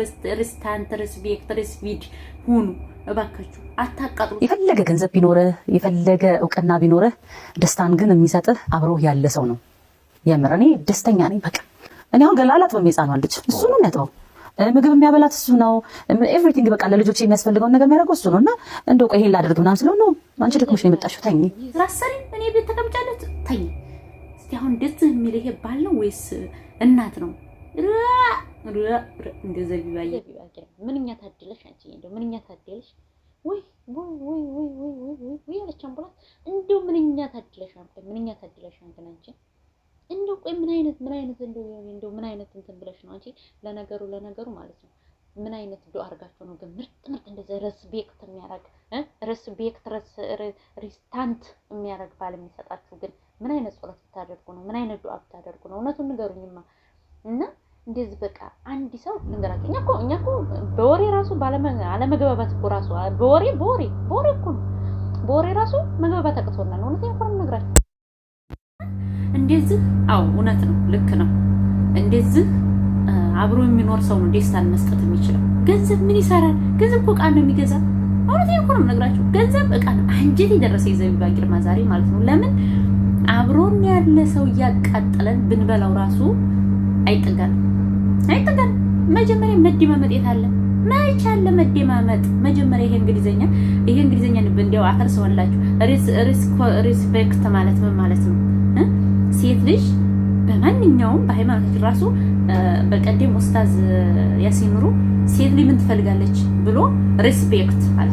ሬስቶራንት ሬስቤክት ሬስቪድ ሁኑ እባካችሁ አታቃጥሉ። የፈለገ ገንዘብ ቢኖርህ የፈለገ እውቅና ቢኖርህ ደስታን ግን የሚሰጥህ አብሮ ያለ ሰው ነው። የምር እኔ ደስተኛ ነኝ። በቃ እኔ አሁን ገላ አላጥብም። የጻኗ ልጅ እሱ ነው የሚያጥበው፣ ምግብ የሚያበላት እሱ ነው። ኤቭሪቲንግ በቃ ለልጆች የሚያስፈልገውን ነገር የሚያደርገው እሱ ነው። እና እንደው ቆይ ይሄን ላደርግ ምናምን ስለሆነ ነው አንቺ ደክሞሽ ነው የመጣሽው፣ ተኝ ራሰሪ እኔ ቤት ተቀምጫለት ተኝ። እስቲ አሁን ደስ የሚል ይሄ ባል ነው ወይስ እናት ነው? እንደ ምንኛ ታደለሽ አንቺ፣ እንደው ምንኛ ታደለሽ ወይ ወይ ወይ ወይ ወይ ወይ አምቡላንስ። እንደው ምንኛ ታደለሽ ምንኛ ታደለሽ አንቺ። እንደው ቆይ ምን አይነት ምን አይነት እንደው ምን አይነት እንትን ብለሽ ነው አንቺ? ለነገሩ ለነገሩ ማለት ነው ምን አይነት ዱ አድርጋቸው ነው ግን ምርጥ ምርጥ እንደዚህ ረስፔክት የሚያደርግ የሚያደርግ ባል የሚሰጣችሁ ግን ምን አይነት ጸሎት ብታደርጉ ነው? ምን አይነት ብታደርጉ ነው? እውነቱን ንገሩኝማ እና እንደዚህ በቃ አንድ ሰው ልንገራችሁ፣ እኛ እኮ እኛ እኮ በወሬ ራሱ አለመግባባት እኮ ራሱ በወሬ በወሬ በወሬ እኮ በወሬ ራሱ መግባባት አቅቶናል። እውነት እኮ ነው የምነግራችሁ። እንደዚህ አዎ፣ እውነት ነው፣ ልክ ነው። እንደዚህ አብሮ የሚኖር ሰው ነው ደስታን መስጠት የሚችለው። ገንዘብ ምን ይሰራል? ገንዘብ እኮ እቃ ነው የሚገዛ። እውነት እኮ ነው የምነግራችሁ፣ ገንዘብ እቃ ነው። አንጀት የደረሰ የዘቢባ ግርማ ዛሬ ማለት ነው። ለምን አብሮን ያለ ሰው እያቃጠለን ብንበላው ራሱ አይጠጋንም። አይጠቀም። መጀመሪያ መደማመጥ የታለ ማይቻለ መደማመጥ መጀመሪያ ይሄ እንግሊዘኛ ይሄ እንግሊዘኛ እንዲያው አፈር ሰውላችሁ ሪስፔክት ማለት ምን ማለት ነው? ሴት ልጅ በማንኛውም በሃይማኖት ራሱ በቀደም ኡስታዝ ያሲኑሩ ሴት ልጅ ምን ትፈልጋለች ብሎ ሪስፔክት አለ።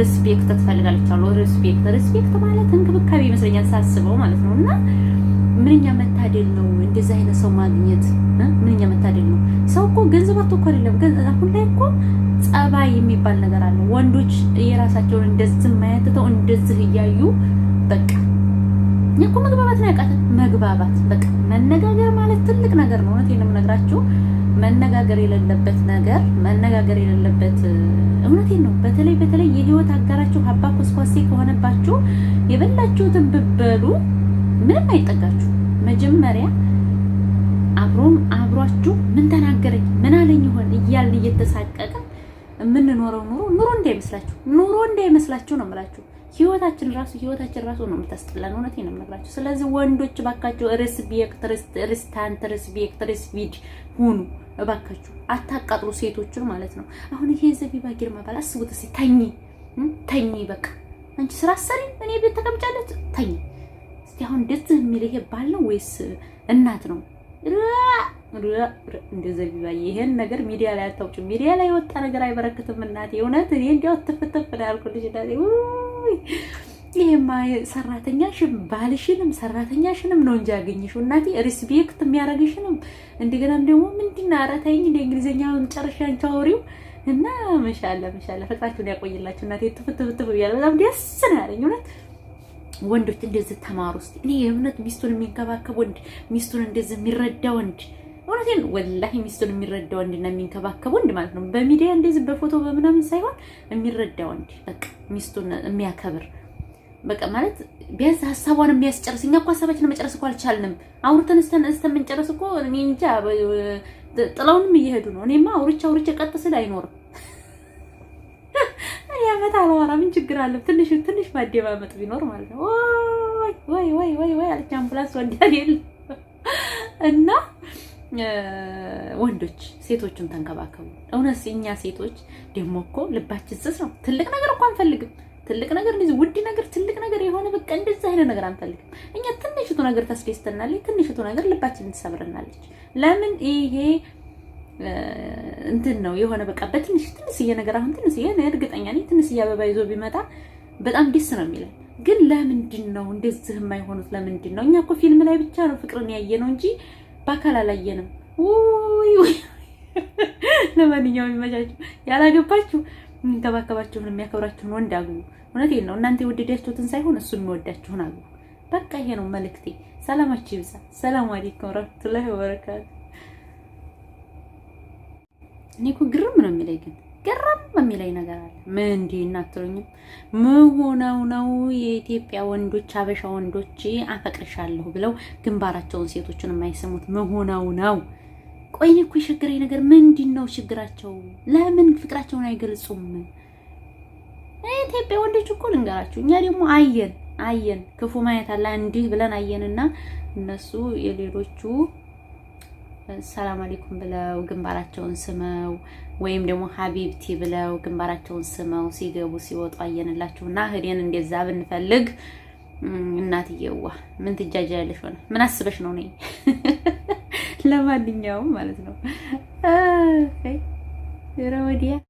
ሪስፔክት ትፈልጋለች አሉ። ሪስፔክት ሪስፔክት ማለት እንክብካቤ ይመስለኛል ሳስበው ማለት ነው። እና ምንኛ መታደል ነው እንደዚህ አይነት ሰው ማግኘት፣ ምንኛ መታደል ነው። ሰው እኮ ገንዘብ አቶ እኮ አይደለም አሁን ላይ እኮ ጸባይ የሚባል ነገር አለ። ወንዶች የራሳቸውን እንደዚህ የማያትተው እንደዚህ እያዩ በቃ እኛ እኮ መግባባት ነው ያውቃታል። መግባባት በቃ መነጋገር ማለት ትልቅ ነገር ነው። እውነቴን ነው የምነግራችሁ መነጋገር የሌለበት ነገር መነጋገር የሌለበት እውነቴ ነው። በተለይ በተለይ የህይወት አጋራችሁ ሀባ ኮስኳሴ ከሆነባችሁ የበላችሁትን ብበሉ ምንም አይጠጋችሁ። መጀመሪያ አብሮም አብሯችሁ ምን ተናገረኝ ምን አለኝ ይሆን እያልን እየተሳቀቀ የምንኖረው ኑሮ ኑሮ እንዳይመስላችሁ ኑሮ እንዳይመስላችሁ ነው የምላችሁ። ህይወታችን ራሱ ህይወታችን ራሱ ነው የምታስጠላን። እውነቴን ነው የምነግራችሁ። ስለዚህ ወንዶች እባካችሁ ሬስፔክት ሬስታንት ሬስፔክት ሬስቪድ ሁኑ እባካችሁ፣ አታቃጥሉ ሴቶችን ማለት ነው። አሁን ይሄ ዘቢባ ግርማ ባል አስቡት እስኪ። ተኝ ተኝ፣ በቃ አንቺ ስራ ሰሪ፣ እኔ ቤት ተቀምጫለች። ተኝ እስኪ። አሁን ደስ የሚል ይሄ ባል ነው ወይስ እናት ነው? እንደዘቢባ ይሄን ነገር ሚዲያ ላይ አታውጭ። ሚዲያ ላይ የወጣ ነገር አይበረክትም። እናቴ እውነት እኔ እንዲያው ትፍትፍ ያልኩልሽ እናቴ። ይሄማ ሰራተኛሽም ባልሽንም ሰራተኛሽንም ነው እንጂ ያገኘሽው እናቴ ሪስፔክት የሚያደርግሽንም እንደገና ደግሞ ምንድን ኧረ እንደ እንግሊዝኛውን ጨርሻ አንቺ እና መሻለ መሻለ ፍቅራችሁን ያቆይላችሁ እናቴ። ትፍትፍትፍ ብያለሁ። በጣም ደስ ነው ያለኝ እውነት ወንዶች እንደዚህ ተማሩ። እስኪ እኔ የእውነት ሚስቱን የሚንከባከብ ወንድ፣ ሚስቱን እንደዚህ የሚረዳ ወንድ እውነቴን ወላሂ ሚስቱን የሚረዳ ወንድና የሚንከባከብ ወንድ ማለት ነው። በሚዲያ እንደዚህ በፎቶ በምናምን ሳይሆን የሚረዳ ወንድ በቃ ሚስቱን የሚያከብር በቃ ማለት ቢያንስ ሀሳቧን የሚያስጨርስ። እኛ እኮ ሀሳባችን መጨረስ እኮ አልቻልንም። አውርተን እስተን እስተምንጨርስ እኮ እኔ እንጃ ጥለውንም እየሄዱ ነው። እኔማ አውርቼ አውርቼ ቀጥ ስል አይኖርም። እኔ አመት አላወራ ምን ችግር አለ? ትንሽ ትንሽ ማደማመጥ ቢኖር ማለት ነው። ወይ ወይ ወይ ወይ አለች አምቡላንስ ወንድ አይደል እና ወንዶች ሴቶቹን ተንከባከቡ። እውነት እኛ ሴቶች ደግሞ እኮ ልባችን ስስ ነው። ትልቅ ነገር እኮ አንፈልግም። ትልቅ ነገር እንደዚህ ውድ ነገር ትልቅ ነገር የሆነ በቃ እንደዚህ አይነት ነገር አንፈልግም። እኛ ትንሽቱ ነገር ታስደስተናለች፣ ትንሽቱ ነገር ልባችን ትሰብረናለች። ለምን ይሄ እንትን ነው የሆነ በቃ በትንሽ ትንሽዬ ነገር አሁን ትንሽዬ እርግጠኛ ነኝ ትንሽዬ አበባ ይዞ ቢመጣ በጣም ደስ ነው የሚለን። ግን ለምንድን ነው እንደዚህ የማይሆኑት? ለምንድን ነው? እኛ እኮ ፊልም ላይ ብቻ ነው ፍቅርን ያየ ነው እንጂ በአካል አላየንም። ውይ ውይ! ለማንኛውም ይመቻችሁ። ያላገባችሁ የሚንከባከባችሁን የሚያከብራችሁን ወንድ አግቡ። እውነቴን ነው። እናንተ የወደዳችሁትን ሳይሆን እሱ የሚወዳችሁን አግቡ። በቃ ይሄ ነው መልእክቴ። ሰላማችሁ ይብዛ። ሰላም አለይኩም ወራህመቱላሂ ወበረካቱ። እኔ እኮ ግርም ነው የሚለኝ ግን የሚለኝ ነገር አለ። ምን እንዲህ እናትሉኝም ሆነው ነው የኢትዮጵያ ወንዶች አበሻ ወንዶች አፈቅርሻለሁ ብለው ግንባራቸውን ሴቶቹን ምን ሆነው ነው? ቆይ እኮ የቸገረኝ ነገር ምንድን ነው ችግራቸው? ለምን ፍቅራቸውን አይገልጹም? ኢትዮጵያ ወንዶች እኮ ልንገራችሁ፣ እኛ ደግሞ አየን አየን ክፉ ማየት አለ እንዲህ ብለን አየንና እነሱ የሌሎቹ ሰላም አለይኩም ብለው ግንባራቸውን ስመው ወይም ደግሞ ሀቢብቲ ብለው ግንባራቸውን ስመው ሲገቡ ሲወጡ አየንላችሁ እና እህዴን እንደዛ ብንፈልግ እናትየዋ ምን ትጃጃያለሽ? ሆነ ምን አስበሽ ነው? ነኝ? ለማንኛውም ማለት ነው ረወዲያ